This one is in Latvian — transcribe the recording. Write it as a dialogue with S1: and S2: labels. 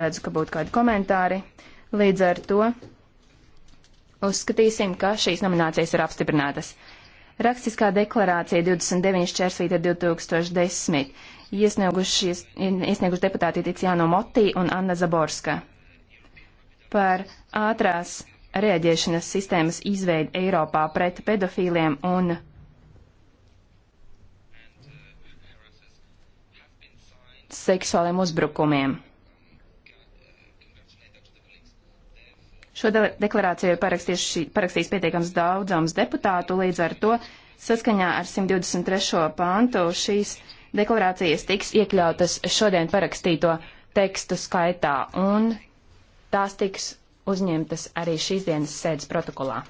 S1: redzu, ka būtu kādi komentāri. Līdz ar to uzskatīsim, ka šīs nominācijas ir apstiprinātas. Rakstiskā deklarācija 29. čersvīta 2010 iesnieguši deputāti Ticiāno Motī un Anna Zaborska par ātrās rēģēšanas sistēmas izveidi Eiropā pret pedofīliem un seksuāliem uzbrukumiem. Šo de deklarāciju parakstīs pietiekams daudzums deputātu, līdz ar to saskaņā ar 123. pantu šīs deklarācijas tiks iekļautas šodien parakstīto tekstu skaitā un tās tiks uzņemtas arī šīs dienas sēdes protokolā.